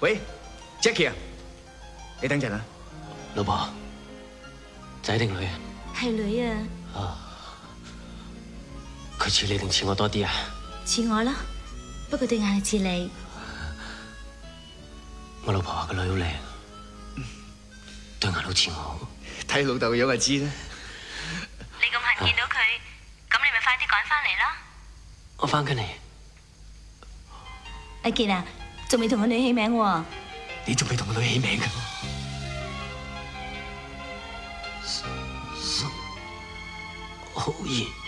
喂，Jackie 啊，你等陣啊。老婆，仔定女，女啊？係女啊。佢似你定似我多啲啊？似我囉，不過對眼係似你。我老婆話，個女好靚， 對眼好似我，睇老豆嘅樣咪知啦。 你咁快見到佢，咁、啊、你咪快啲趕翻嚟啦。我翻緊嚟，阿杰啊。仲未同個女兒起名喎。啊，你仲未同個女兒起名㗎？何然？